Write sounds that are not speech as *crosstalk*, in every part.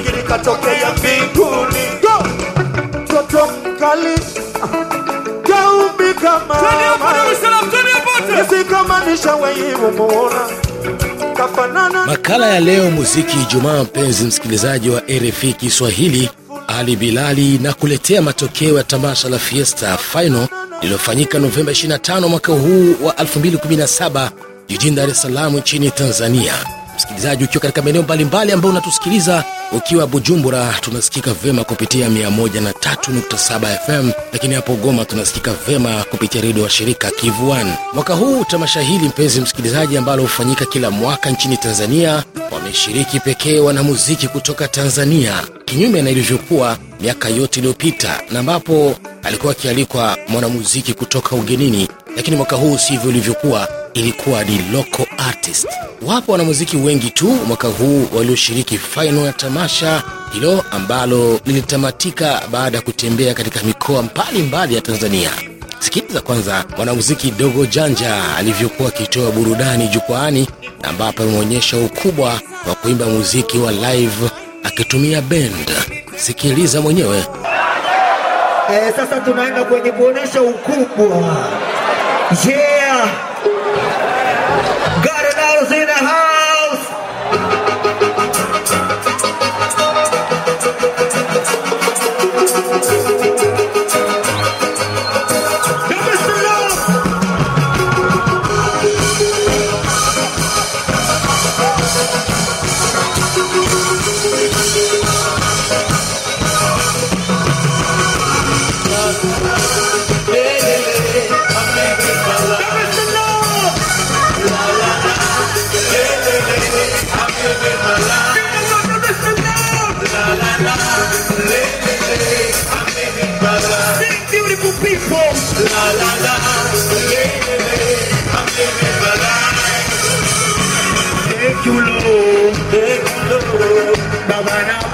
lingine katokea mbinguni, toto mkali kaumbi kama isikamanisha Makala ya leo muziki Ijumaa, mpenzi msikilizaji wa RFI Kiswahili, Ali Bilali na kuletea matokeo ya tamasha la Fiesta Final lililofanyika Novemba 25 mwaka huu wa 2017 jijini Dar es Salaam nchini Tanzania msikilizaji ukiwa katika maeneo mbalimbali ambayo unatusikiliza ukiwa bujumbura tunasikika vema kupitia 137 fm lakini hapo goma tunasikika vema kupitia redio wa shirika kivuan mwaka huu tamasha hili mpenzi msikilizaji ambalo hufanyika kila mwaka nchini tanzania wameshiriki pekee wanamuziki kutoka tanzania kinyume na ilivyokuwa miaka yote iliyopita na ambapo alikuwa akialikwa mwanamuziki kutoka ugenini lakini mwaka huu sivyo ilivyokuwa ilikuwa ni local artist. Wapo wanamuziki wengi tu mwaka huu walioshiriki final ya tamasha hilo ambalo lilitamatika baada ya kutembea katika mikoa mbalimbali ya Tanzania. Sikiliza kwanza mwanamuziki Dogo Janja alivyokuwa akitoa burudani jukwaani, ambapo ameonyesha ukubwa wa kuimba muziki wa live akitumia bend. Sikiliza mwenyewe. Eh, sasa tunaenda kwenye kuonyesha ukubwa. Yeah.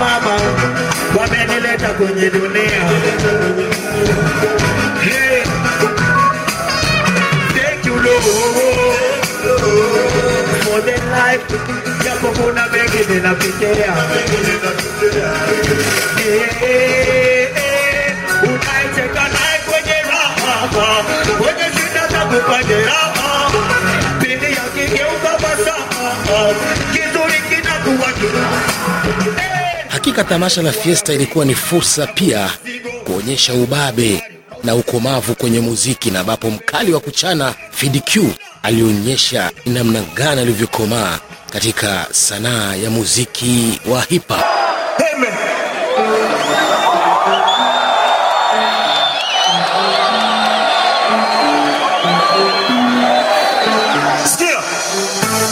mama wamenileta kwenye dunia Thank you Lord mengi ninapitia unaicheka kwenye raha kwenye shida zangu kwenye raha pindi yakigeuka masaa kizuri kinakuwa kinaa Hakika tamasha la Fiesta ilikuwa ni fursa pia kuonyesha ubabe na ukomavu kwenye muziki, na ambapo mkali wa kuchana Fid Q alionyesha namna gani alivyokomaa katika sanaa ya muziki wa hipa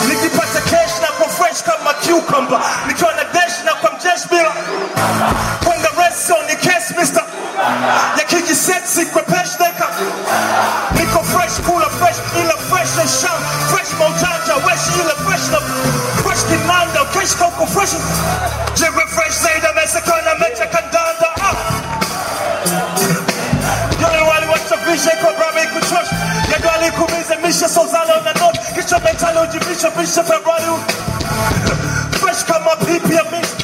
nikipata kesh na kwa fresh kama cucumber nikiwa Aqui que sente se repete Nico fresh, cooler fresh, ila fresh and sham Fresh mojanja, wesh ila fresh na Fresh kinanda, cash coco fresh Je refresh zaida mesekana mecha kandanda up Yole wali wacha vishe kobra miku chosh Yadu ali kumize mishe sozalo na not Kisho metalo jibisho bisho ferrari Fresh kama pipi ya misho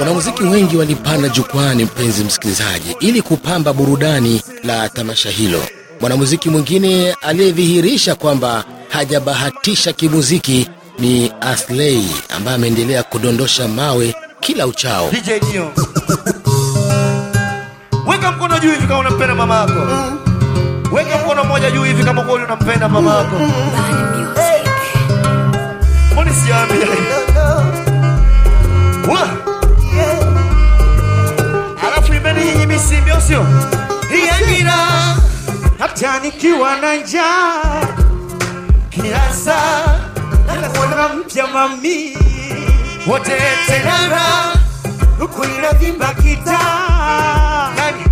Wanamuziki wengi walipanda jukwani, mpenzi msikilizaji, ili kupamba burudani la tamasha hilo. Mwanamuziki mwingine aliyedhihirisha kwamba hajabahatisha kimuziki ni Aslei ambaye ameendelea kudondosha mawe kila uchao. *laughs* DJ Nio, weka mkono juu hivi kama unampenda mama yako. Weka mkono mmoja juu hivi kama kweli unampenda mama yako. Mbona siambi? Wa! sio? Yangira hata nikiwa na njaa kila saa nakuona mpya mami, wote tenara huku inavimba kitaa yaani,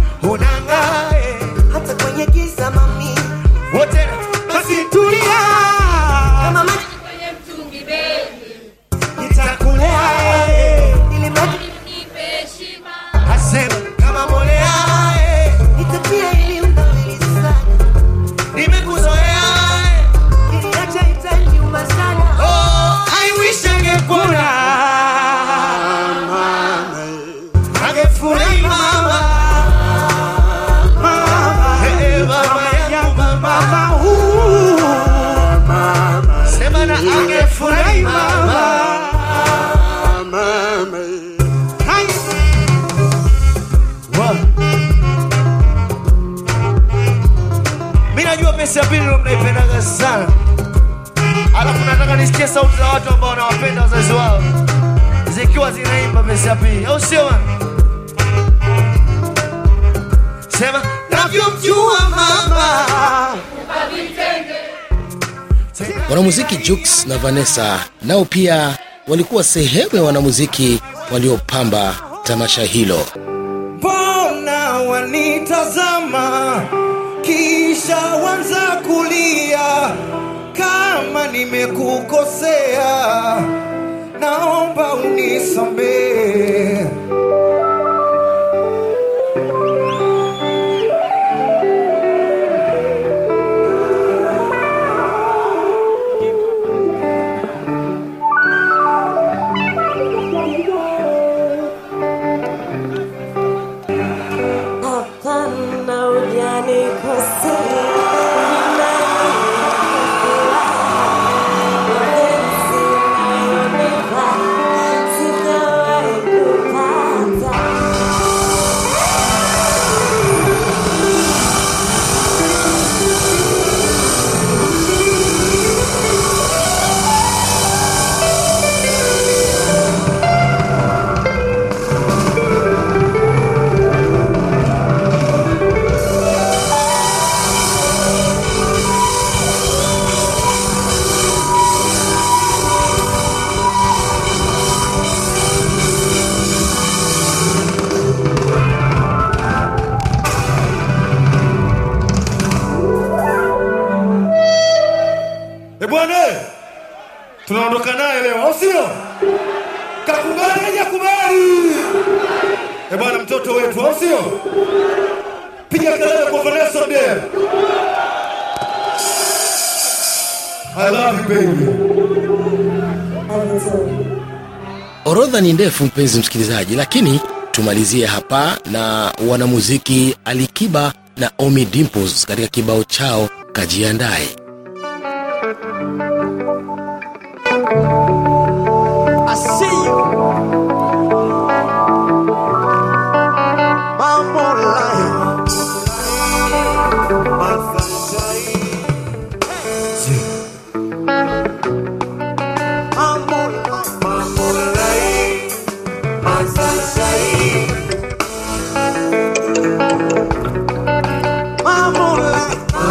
nataka nisikie sauti za watu ambao wanawapenda wazazi wao zikiwa zinaimba mesabii, au sio? Sema navyomjua mama Wanamuziki Jux na Vanessa nao pia walikuwa sehemu ya wanamuziki waliopamba tamasha hilo. Mbona wanitazama kisha wanza kulia nimekukosea, naomba unisamehe. Hapana, hujanikosea. kakubali hajakubali. Eh bwana, mtoto wetu, au sio? Piga kelele kwa Vanessa Mdee. I love baby. Orodha ni ndefu mpenzi msikilizaji, lakini tumalizie hapa na wanamuziki Alikiba na Omi Dimples katika kibao chao Kajiandae. thank you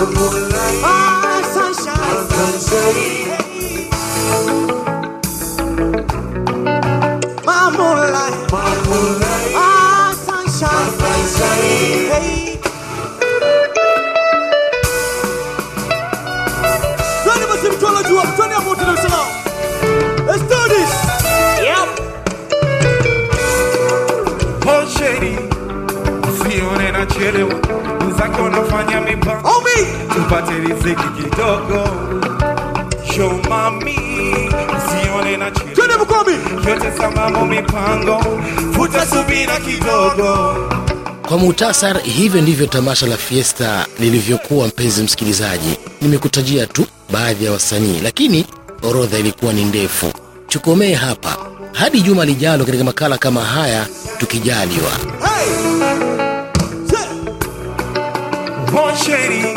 不。usione na chelewa, mzako nafanya mipango, tupate riziki kidogo. Show mami, usione na chelewa, twende Bukobi, yote sababu mipango, futa subira kidogo. Kwa muhtasar, hivyo ndivyo tamasha la Fiesta lilivyokuwa. Mpenzi msikilizaji, nimekutajia tu baadhi ya wasanii, lakini orodha ilikuwa ni ndefu. Chukomee hapa hadi juma lijalo katika makala kama haya tukijaliwa. Hey! ponsheri,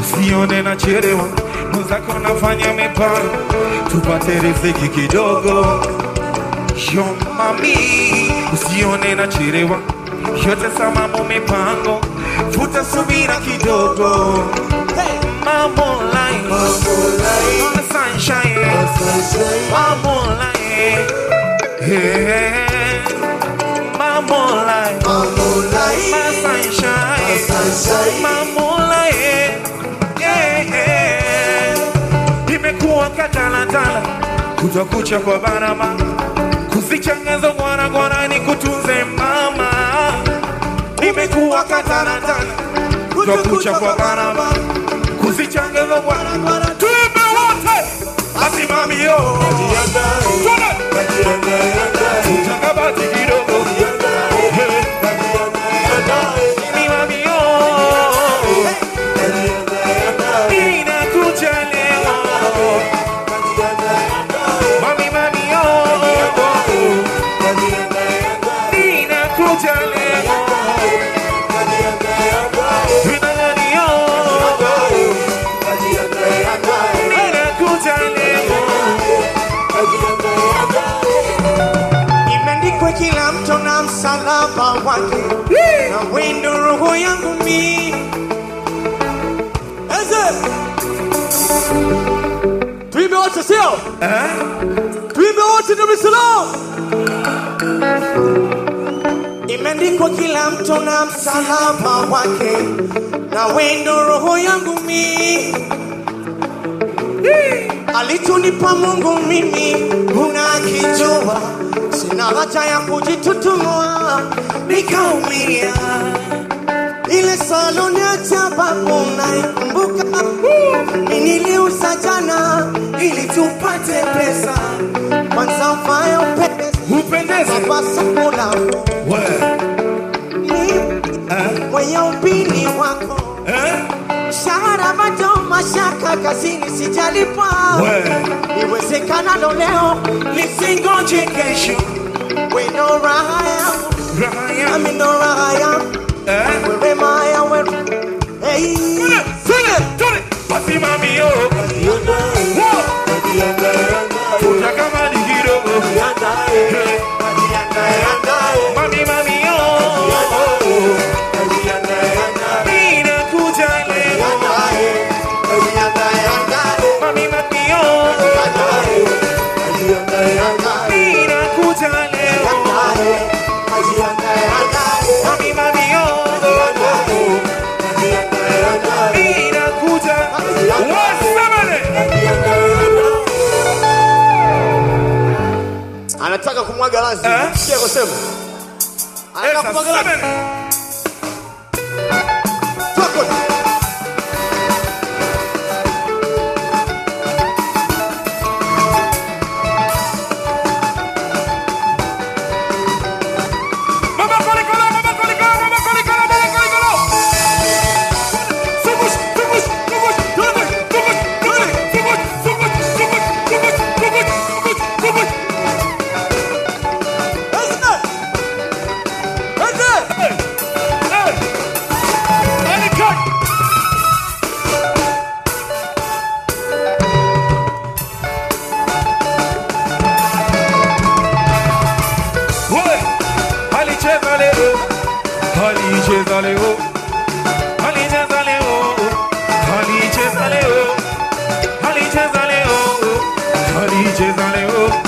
usione cherewa mwenzako nafanya mipango, tupate riziki kidogo. Yo mami, usione cherewa yote sama samamu futa subira kidogo. Hey, mambo lai mambo life, sunshine, mambo hey, hey. Simama imekuwa ye, kuta kucha kwa barama kuzichangaza mwanagwana ni kutunze mama imekuwa katalantala kutokucha kwa barama Eh? msalaba wake na mwendo roho yangu mi Eze tuimbe wote sio eh? tuimbe wote ndio msalaba. imeandikwa kila mtu na msalaba wake na wendo roho yangu mi Alitunipa Mungu mimi unakijua sina haja ya kujitutumua nikaumia. Ile saluni ya chapa unaikumbuka? Niliuza jana ili tupate pesa, kwanza ufayo upendeza upendeza kwa soko shaka kazini sijalipa, iwezekanalo leo nisingoje kesho. We know where I am, Raya. kumwaga lazima. Eh? Sio kusema. Anakumwaga lazima. Halice Zaleo Halice Zaleo Halice Zaleo Zaleo Zaleo